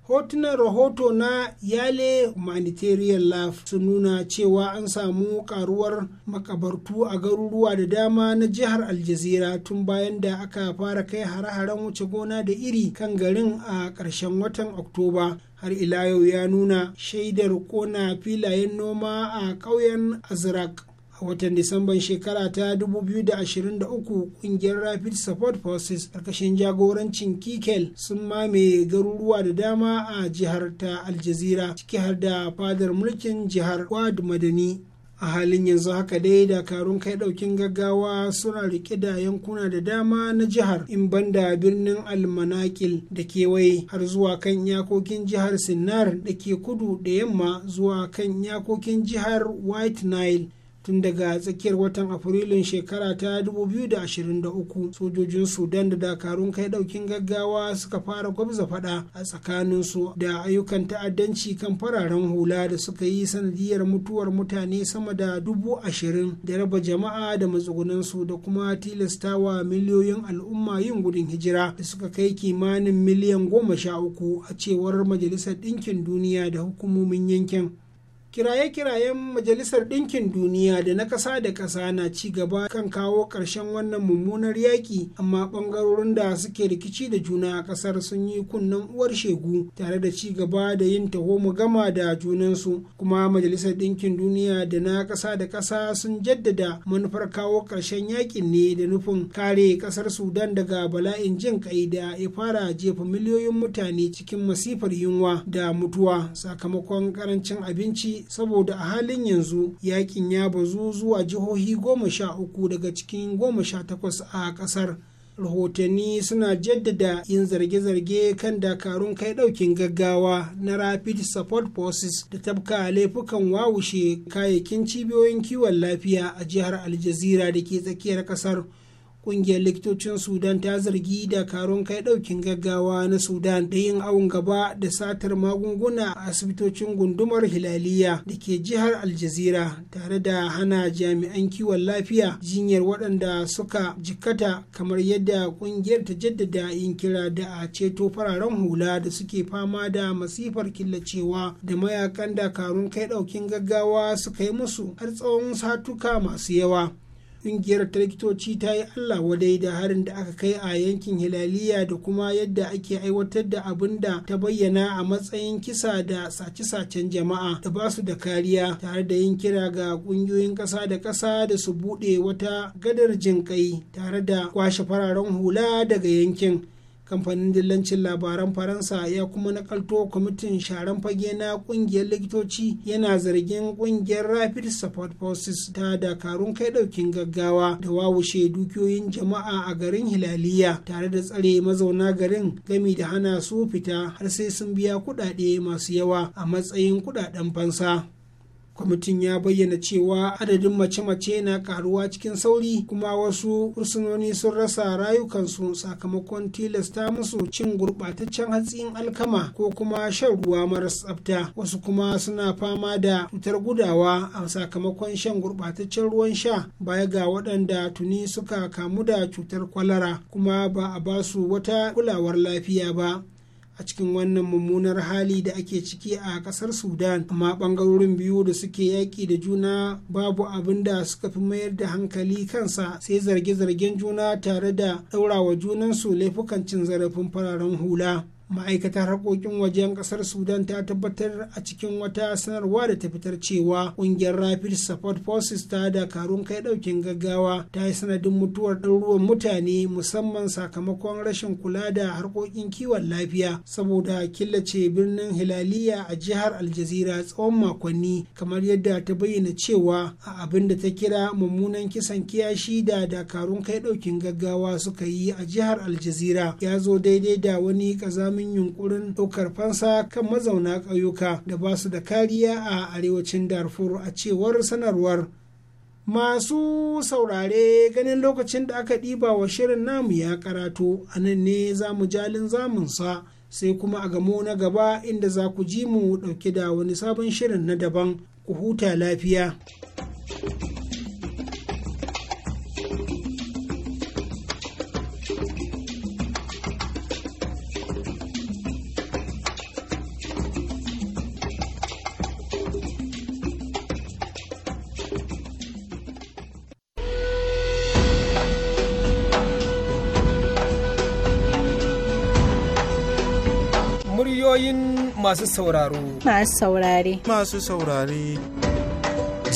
hotunan rahoto na yale humanitarian life sun nuna cewa an samu karuwar makabartu a garuruwa da dama na jihar aljazira tun bayan da aka fara kai hare-haren wuce gona da iri kan garin a ƙarshen watan oktoba har ila yau ya nuna shaidar kona filayen noma a ƙauyen Azraq. a watan disamban shekara ta 2023 kungiyar rapid support forces ƙarƙashin jagorancin kikel sun mamaye garuruwa da dama a jihar ta aljazira ciki har da fadar mulkin jihar wad madani a halin yanzu haka dai dakarun kai daukin gaggawa suna rike da yankuna da dama na jihar in banda birnin almanakil da kewaye har zuwa kan yakokin jihar sinnar da ke kudu da yamma zuwa kan yakokin jihar white nile tun daga tsakiyar watan afrilun shekara ta 2023 sojojin sudan da dakarun kai daukin gaggawa suka fara gwabza fada a tsakanin su da ayyukan ta'addanci kan fararen hula da suka yi sanadiyar mutuwar mutane sama da dubu ashirin da raba jama'a da matsugunan su da kuma tilastawa miliyoyin al'umma yin gudun hijira da suka kai kimanin miliyan goma sha uku a cewar majalisar ɗinkin duniya da hukumomin yankin kiraye-kirayen majalisar ɗinkin duniya da na ƙasa da ƙasa na ci gaba kan kawo ƙarshen wannan mummunar yaƙi amma ɓangarorin da suke rikici da juna a ƙasar sun yi kunnen uwar shegu tare da ci gaba da yin taho mu gama da junansu kuma majalisar ɗinkin duniya da na ƙasa da ƙasa sun jaddada manufar kawo ƙarshen yaƙin ne da nufin kare ƙasar sudan daga bala'in jin ƙai da ya fara jefa miliyoyin mutane cikin masifar yunwa da mutuwa sakamakon ƙarancin abinci saboda a halin yanzu yakin ya bazu zuwa jihohi goma sha uku daga cikin goma sha takwas a kasar rahotanni suna jaddada yin zarge-zarge kan dakarun kai daukin gaggawa na rapid support forces da tabka laifukan wawushe kayayyakin cibiyoyin kiwon lafiya a jihar aljazira da ke tsakiyar kasar kungiyar likitocin sudan ta zargi da dakarun kai daukin gaggawa na sudan da yin awon gaba da satar magunguna a asibitocin gundumar hilaliya da ke jihar aljazira tare da hana jami'an kiwon lafiya jinyar waɗanda suka jikkata kamar yadda kungiyar ta jaddada yin kira da a ceto fararen hula da suke fama da masifar killacewa da mayakan dakarun kai daukin gaggawa suka yi musu har tsawon satuka masu yawa ƙungiyar ta ta yi allah wadai da harin da aka kai a yankin hilaliya da kuma yadda ake aiwatar da abin da ta bayyana a matsayin kisa da sace-sacen jama'a da ba su da kariya tare da yin kira ga ƙungiyoyin ƙasa da ƙasa da su buɗe wata gadar jinƙai tare da kwashe fararen hula daga yankin kamfanin dillancin labaran faransa ya kuma nakalto kwamitin sharan fage na kungiyar likitoci yana zargin kungiyar rapid support forces ta dakarun kai daukin gaggawa da wawushe dukiyoyin jama'a a garin hilaliya tare da tsare mazauna garin gami da hana su fita har sai sun biya kudade masu yawa a matsayin kudaden fansa kwamitin ya bayyana cewa adadin mace-mace na karuwa cikin sauri kuma wasu fursunoni sun rasa rayukansu sakamakon tilasta musu cin gurɓataccen hatsin alkama ko kuma shan ruwa maras tsafta wasu kuma suna fama da cutar gudawa a sakamakon shan gurɓataccen ruwan sha baya ga waɗanda tuni suka kamu da cutar kwalara kuma ba a basu wata kulawar lafiya ba a cikin wannan mummunar hali da ake ciki a kasar sudan amma bangarorin biyu da suke yaƙi da juna babu abin da suka fi mayar da hankali kansa sai zarge-zargen juna tare da ɗaurawa junansu laifukan cin zarafin fararen hula ma'aikatar harkokin wajen kasar sudan ta tabbatar a cikin wata sanarwa da ta fitar cewa kungiyar rapid support forces ta dakarun kai daukin gaggawa ta yi sanadin mutuwar ɗaruruwan mutane musamman sakamakon rashin kula da harkokin kiwon lafiya saboda killace birnin hilaliya a jihar aljazira tsawon makonni kamar yadda ta bayyana cewa a abin da ta kira mummunan kisan kiyashi da dakarun kai daukin gaggawa suka yi a jihar aljazira ya zo daidai da wani kaza min yunkurin ɗaukar fansa kan mazauna ƙauyuka da ba su da kariya a arewacin darfur a cewar sanarwar masu saurare ganin lokacin da aka ɗiba wa shirin namu ya karatu a nan ne za mu jalin zamunsa sai kuma a gamo na gaba inda za ku ji mu ɗauke da wani sabon shirin na daban ku huta lafiya. masu sauraro. Masu saurare. Masu saurare.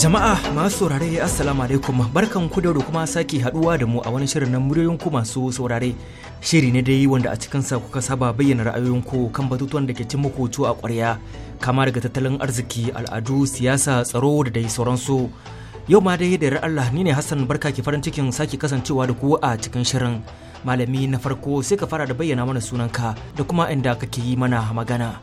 Jama'a masu saurare Assalamu alaikum barkan ku da kuma sake haduwa da mu a wani shirin na muryoyin ku masu saurare. Shiri ne dai wanda a cikin sa kuka saba bayyana ra'ayoyin ku kan batutuwan da ke cin muku a ƙwarya kama daga tattalin arziki, al'adu, siyasa, tsaro da dai sauransu. Yau ma dai da Allah ni ne Hassan barka ke farin cikin sake kasancewa da ku a cikin shirin. Malami na farko sai ka fara da bayyana mana sunanka da kuma inda kake yi mana magana.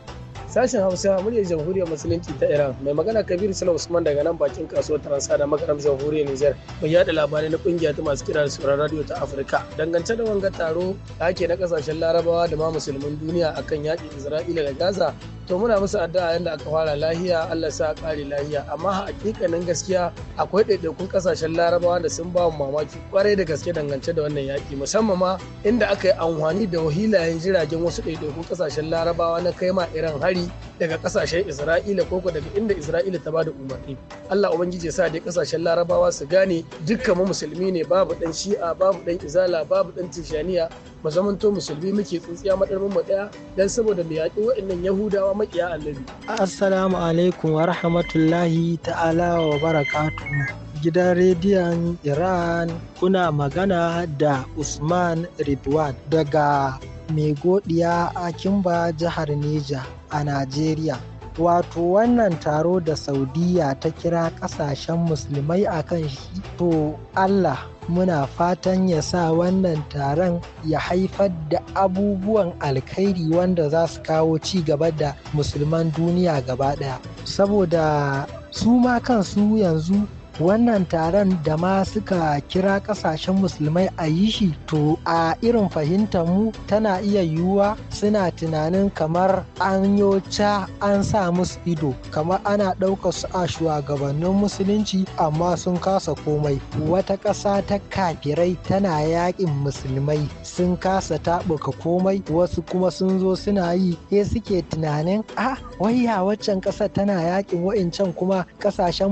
Sashen Hausa muryar Jamhuriyar Musulunci ta Iran mai magana Kabir Sala Usman daga nan bakin kasuwar Taransa da makaram Jamhuriyar Nijar mai yada labarai na kungiyar ta masu kira da sauran radio ta Afirka. Dangance da wanga taro da ake na kasashen Larabawa da ma musulmin duniya akan yaƙin Isra'ila da Gaza to muna musu addu'a yadda aka fara lahiya Allah sa ƙari lahiya amma hakikanin gaskiya akwai ɗaiɗaikun kasashen larabawa da sun ba mu mamaki kwarai da gaske dangance da wannan yaƙi musamman ma inda aka yi amfani da wahilayen jiragen wasu ɗaiɗaikun kasashen larabawa na kai ma irin hari daga kasashen Isra'ila ko daga inda Isra'ila ta bada umarni. Allah ubangiji sa dai kasashen Larabawa su gane dukkan mu musulmi ne babu dan Shi'a babu dan Izala babu dan Tijaniya mu zamanto musulmi muke tsintsiya madarmin mu daya dan saboda mu yaƙi waɗannan Yahudawa makiya Annabi. Assalamu alaikum wa rahmatullahi ta'ala wa barakatuhu. gidan rediyon Iran kuna magana da Usman Ridwan daga Megodiya a Kimba jihar Neja. a Najeriya. Wato wannan taro da Saudiyya ta kira ƙasashen musulmai a kan shi, to Allah muna fatan ya sa wannan taron ya haifar da abubuwan alkhairi wanda za su kawo ci gaba da musulman duniya gaba ɗaya. Saboda su ma kansu yanzu wannan taron da ma suka kira kasashen musulmai a yi shi to a irin fahimtar mu tana iya yiwuwa suna tunanin kamar an yoca an sa musu ido kamar ana ɗaukar su a shugabannin musulunci amma sun kasa komai wata ƙasa ta kafirai tana yaƙin musulmai sun kasa taɓuka komai wasu kuma sun zo suna yi sai suke tunanin a ah, wayya waccan ƙasa tana yaƙin wa'incan kuma ƙasashen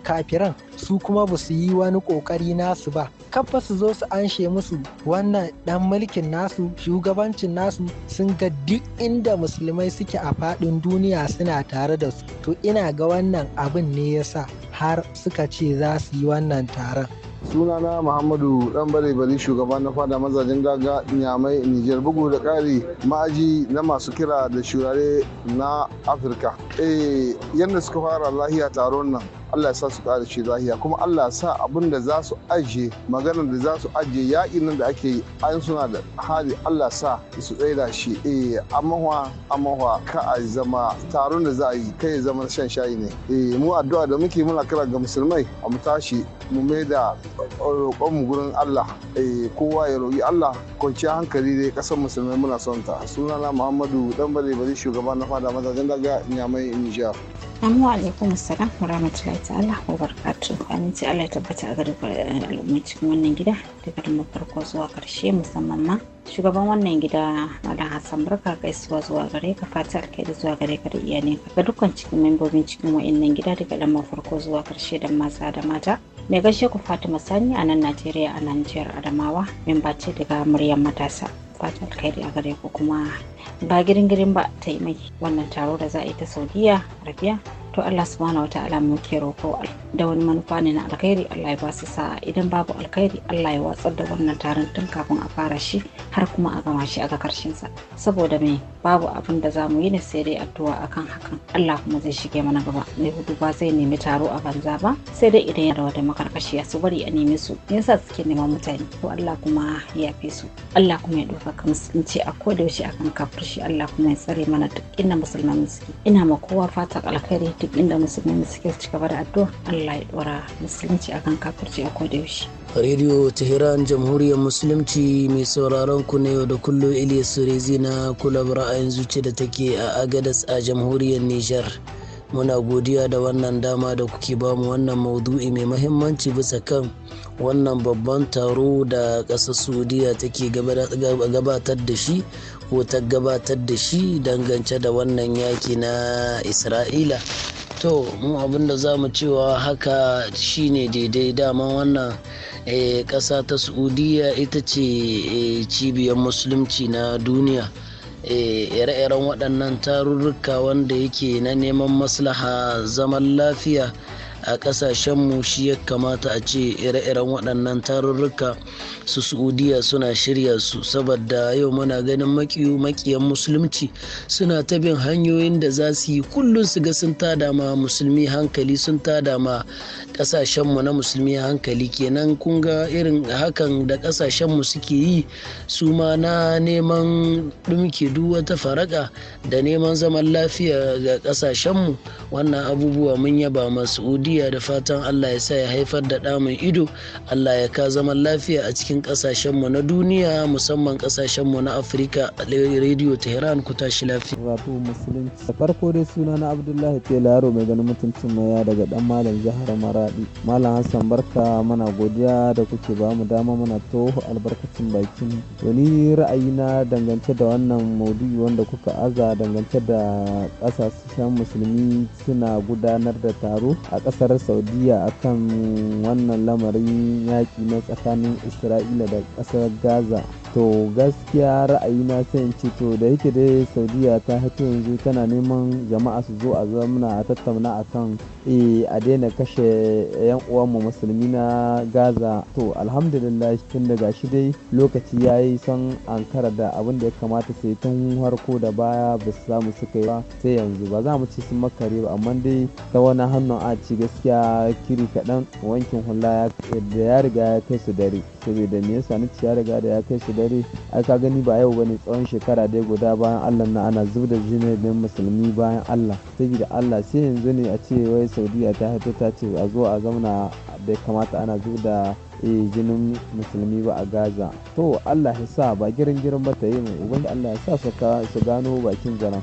kafirai yaran su kuma ba su yi wani kokari nasu ba kafa su zo su anshe musu wannan dan mulkin nasu shugabancin nasu sun ga duk inda musulmai suke a faɗin duniya suna tare da su to ina ga wannan abin ne yasa har suka ce za su yi wannan taron sunana muhammadu dan bare bari shugaban na fada mazajen gaga nyamai nijar bugu da ƙari ma'aji na masu kira da shurare na afirka eh yadda suka fara lahiya taron nan Allah ya sa su ƙara ce zahiya kuma Allah ya sa abin da za su aje maganar da za su aje yaƙi nan da ake yi an suna da hali Allah sa su tsaida shi eh amahwa amahwa ka a zama taron da za a yi kai zama shan shayi ne eh mu addu'a da muke muna kira ga musulmai a mu tashi mu mai da roƙon mu gurin Allah eh kowa ya roƙi Allah kwanciyar hankali dai ƙasar musulmai muna son ta sunana Muhammadu Danbare Bari shugaba na fada mazajen daga Nyamai Nijar. Salamu alaikum assalam wa rahmatullahi ta'ala wa barakatu. Aminci Allah ya tabbata a gari al'ummai cikin wannan gida daga mu farko zuwa karshe musamman ma shugaban wannan gida Malam Hassan Barka gaisuwa zuwa gare ka fata alkhairi zuwa gare ka da iyalinka ga dukkan cikin membobin cikin wa'annan gida daga lamar farko zuwa karshe da maza da mata. Mai gaishe ku Fatima Sani a nan Najeriya a nan Adamawa memba ce daga muryar matasa. fatan alkhairi a gare ku kuma ba girin girin ba ta yi mai wannan taro da za a yi ta saudiya rabiya to Allah subhanahu wa ta'ala muke roko da wani manufa ne na alkhairi Allah ya basu sa idan babu alkhairi Allah ya watsar da wannan taron tun kafin a fara shi har kuma a gama shi a ga karshen sa saboda me babu abin da zamu yi ne sai dai addu'a akan hakan Allah kuma zai shige mana gaba mai hudu ba zai nemi taro a banza ba sai dai idan ya da wata ya su bari a nemi su yasa suke neman mutane to Allah kuma ya fi su Allah kuma ya ɗaukaka musulunci a ko da yaushe akan kafirci Allah kuma ya tsare mana duk inda musulman suke ina ma kowa fatan alkhairi duk inda musulmi suke su cigaba da addu'a Allah ya dora musulunci akan kafirci a koda yaushe. Radio Tehran Jamhuriyar Musulunci mai sauraron ku yau da kullum Ilyas Surezi na kulab ra'ayin zuci da take a Agadas a Jamhuriyar Nijar. Muna godiya da wannan dama da kuke bamu wannan maudu'i mai mahimmanci bisa kan wannan babban taro da ƙasar Saudiya take gabatar da shi ko ta gabatar da shi dangance da wannan yaki na isra'ila to mu abin da za mu cewa haka shine daidai dama wannan eh, ƙasa ta saudiya ita ce eh, cibiyar musulunci na duniya eh, ire-iren waɗannan tarurruka wanda yake na neman maslaha zaman lafiya a ƙasashenmu shi ya kamata a ce ire-iren waɗannan tarurruka su saudiya suna shirya su saboda yau muna ganin makiyu makiyan musulunci suna ta bin hanyoyin da za su yi kullum su ga sun tada ma musulmi hankali sun tada ma ƙasashenmu na musulmi hankali kenan kun ga irin hakan da ƙasashenmu suke yi su ma na neman ɗumke duk wata faraka da neman zaman lafiya ga ƙasashenmu wannan abubuwa mun yaba ma su'udiya. Najeriya da fatan Allah ya sa ya haifar da damun ido Allah ya ka zaman lafiya a cikin ƙasashenmu na duniya musamman ƙasashenmu na Afirka Radio Tehran ku tashi lafiya. Wato musulunci. Da farko dai suna na Abdullahi Tela yaro mai ganin mutuncin maya daga dan malam jihar Maradi. Malam Hassan barka mana godiya da kuke ba mu dama muna toho albarkacin bakin. To ni ra'ayina dangance da wannan maudu'i wanda kuka aza dangance da ƙasashen musulmi suna gudanar da taro a ƙasar ƙasar Saudiyya a kan wannan lamarin yaƙi na tsakanin Isra'ila da ƙasar Gaza. To gaskiya ra'ayina sai in ce to da yake dai Saudiyya ta hito yanzu tana neman jama'a su zo a zamana a tattauna akan Eh, a daina kashe yan uwanmu musulmi na gaza to alhamdulillah tun daga shi dai lokaci ya yi son ankara da abin da ya kamata sai tun harko da baya ba su samu suka yi ba sai yanzu ba za mu ci sun makare ba amma dai ta wani hannun a ci gaskiya kiri kaɗan wankin hula da ya riga ya kai su dare saboda me yasa ni ya riga da ya kai su dare ai ka gani ba yau bane tsawon shekara dai guda bayan allah na ana zub da jini musulmi bayan allah saboda allah sai yanzu ne a ce wai saudiya ta ta ce a zo a zauna bai kamata ana zuwa da eh, jinin musulmi ba a gaza to allah ya sa ba girin girin ba ta yi mai ubangi allah ya sa su gano bakin zaren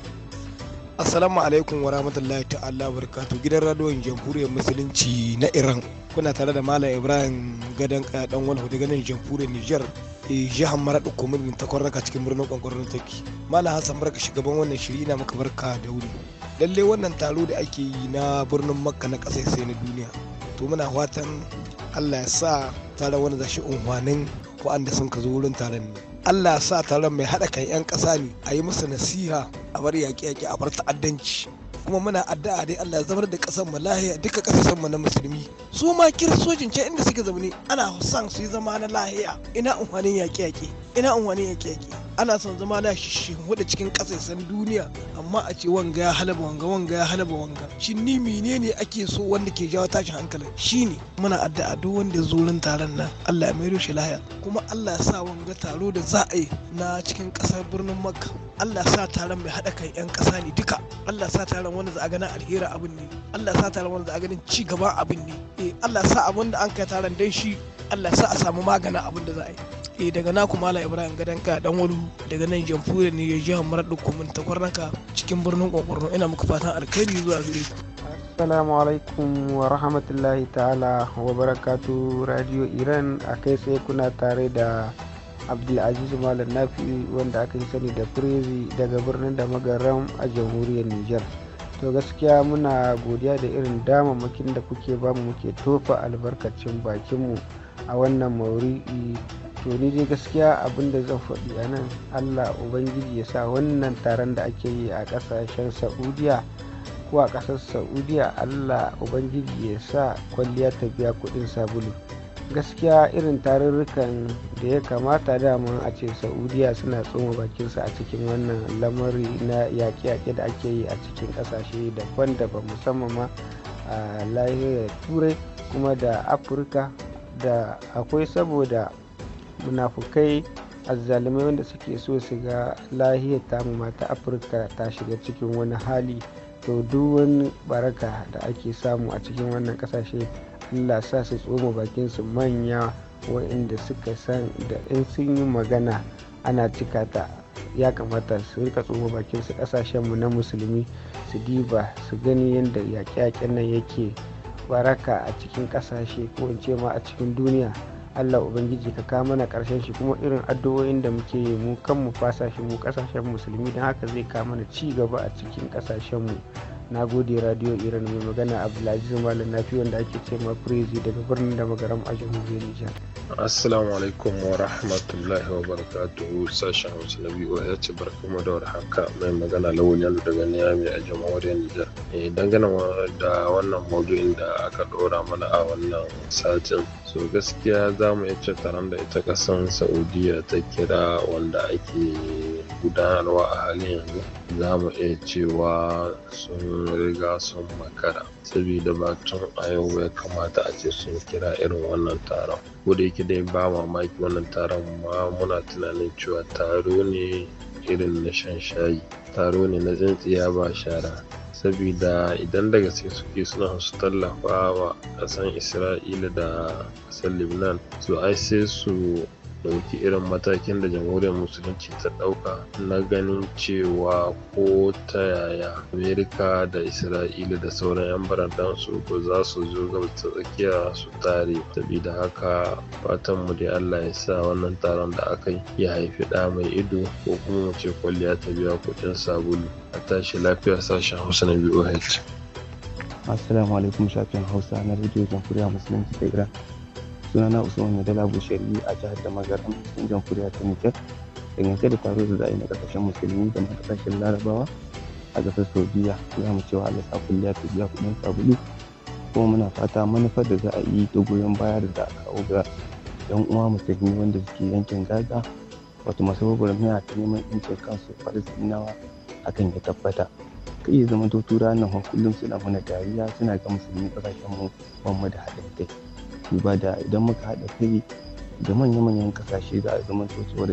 Assalamu alaikum wa rahmatullahi ta'ala barkatu gidan radon jamhuriyar musulunci na Iran kuna tare da Malam Ibrahim gadon kadan wani hudu ganin jamhuriyar Niger eh, jihar mara kumin ta cikin birnin kwankwaron take Malam Hassan barka shugaban wannan shiri ina maka barka da wuri lallai wannan taro da ake yi na birnin makka na ƙasar sai na duniya to muna fatan allah ya sa tare wani zashi unhwanin waɗanda sun ka zo wurin taron ne allah ya sa taron mai haɗa kan 'yan ƙasa ne a yi musu nasiha a bar yaƙe-yaƙe a bar ta'addanci kuma muna addu'a dai Allah ya zamar da kasar mu lahiya duka kasashen mu na musulmi su ma kiristocin ce inda suke zaune ana son su yi zama na lahiya ina amfanin yaƙe-yaƙe ina amfanin yaƙe-yaƙe ana son zama na shi hudu cikin kasashen duniya amma a ce wanga ya halaba wanga wanga ya halaba wanga Shin ni menene ake so wanda ke jawo tashin hankalin shine muna addu'a duk wanda ya zo wurin taron nan Allah ya mai shi lahiya kuma Allah ya sa wanga taro da za a yi na cikin kasar birnin Makka Allah sa taron mai haɗa kan 'yan ƙasa ne duka Allah sa taron wanda za a ganin alhera abin ne Allah sa taron wanda za a ganin ci gaban abin ne eh Allah sa abin da an kai taron dan shi Allah sa a samu magana abin da za a yi eh daga na kuma Malam Ibrahim ka dan walu daga nan Jamfure ne ya jihar Maradi kuma ta kwarnaka cikin birnin kokorno ina muku fatan alkhairi zuwa gare ku Assalamu alaikum wa rahmatullahi ta'ala wa barakatu Radio Iran a kai sai kuna tare da abdulaziz malam nafi wanda aka yi sani da firezi daga birnin da magaram a jamhuriyar niger to gaskiya muna godiya da irin makin da kuke bamu muke tofa albarkacin bakinmu a wannan mauri'i to ni dai gaskiya abin da zan faɗi a nan allah ubangiji ya sa wannan taron da ake yi a ƙasashen saudiya ko a ƙasar saudiya allah ubangiji ya sa kwalliya ta biya kuɗin sabulu gaskiya irin tarurrukan da ya kamata dama a ce saudiya suna tsoma bakinsa a cikin wannan lamari na yaƙe-yaƙe da ake yi a cikin ƙasashe daban-daban musamman ma a lahiyar turai kuma da afirka da akwai saboda munafukai azzalumai wanda suke so su ga lahiyar tamu mata afirka ta shiga cikin wani hali to duk wani baraka da ake samu a cikin wannan ƙasashe allah sa su tsoma bakinsu manya waɗanda suka san da in sun yi magana ana cika ta ya kamata su rika tsoma bakinsu ƙasashenmu na musulmi su diba su gani yadda yaƙe-yaƙen nan yake baraka a cikin ƙasashe ko in ce ma a cikin duniya allah ubangiji ka ka mana ƙarshen shi kuma irin addu'o'in da muke yi mu kanmu fasashe mu ƙasashen musulmi don haka zai ka mana ci gaba a cikin ƙasashenmu na gode radio iran mai magana abdulaziz malam nafi wanda ake ce ma daga birnin da magaram a jamhuriyar nijar assalamu alaikum wa rahmatullahi wa barakatuhu sashen hausa na biyu ya ce barkamu da haka mai magana lawan yalu daga niyami a jamhuriyar nijar eh, dangane da wannan maudu'in da aka ɗora mana a wannan satin so gaskiya za mu iya taron da ita kasan saudiya ta kira wanda ake gudanarwa a halin yanzu za mu iya cewa sun riga sun makara saboda ba tun a yau ya kamata a ce sun kira irin wannan taron ko da yake dai ba mamaki wannan taron ma muna tunanin cewa taro ne irin na shan shayi taro ne na tsintsiya ba shara saboda idan da gaske suke suna su tallafa wa ƙasan isra'ila da ƙasar lebanon to ai sai su ɗauki irin matakin da jamhuriyar musulunci ta ɗauka na ganin cewa ko ta yaya amerika da isra'ila da sauran 'yan barandansu ba za su zo gaba ta tsakiya su tare sabida haka fatan mu dai allah ya sa wannan taron da aka yi ya haifi ɗa mai ido ko kuma mu ce kwalliya ta biya kuɗin sabulu a tashi lafiya sashen hausa na boh assalamu alaikum shafin hausa na rediyo jamhuriyar musulunci ta iran sunana usman madala bushari a jihar da magaram jamhuriya ta nijar dangance da taro da za'ayi na kasashen musulmi da na kasashen larabawa a gasar saudiya za mu cewa allah sa kulliya ta biya kudin sabulu kuma muna fata manufar da za a yi ta goyon baya da za a kawo ga yan uwa musulmi wanda suke yankin gaza wato masu gwagwarmaya ta neman yancin kansu falastinawa hakan ya tabbata kai ya zama to tura nan kullum suna mana dariya suna ga musulmi kasashen mu ban mu da haɗin kai duba da idan muka haɗa kai da manya-manyan kasashe ga a zama cewar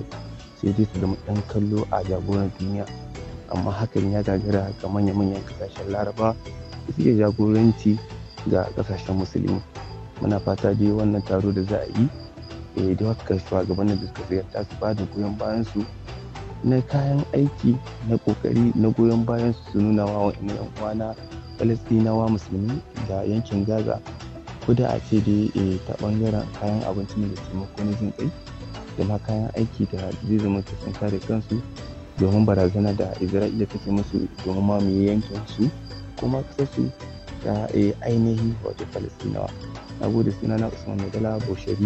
sai dai su zama ɗan kallo a jagoran duniya amma hakan ya gagara ga manya-manyan kasashen laraba da suke jagoranci ga kasashen musulmi muna fata dai wannan taro da za a yi eh, da haka shugabannin da suka ziyarta su bada goyon bayan su na kayan aiki na kokari na goyon bayan su nuna wa wa'annan yan uwana falastinawa musulmi da yankin gaza ko da a ce dai eh, ta ɓangaren kayan abinci ne da taimako na jin ƙai da ma kayan aiki da zai zama sun kare kansu domin barazana da isra'ila take musu domin ma mamaye yankin su kuma kasar su ta eh, ainihi wato falastinawa na gode suna na usman dala boshari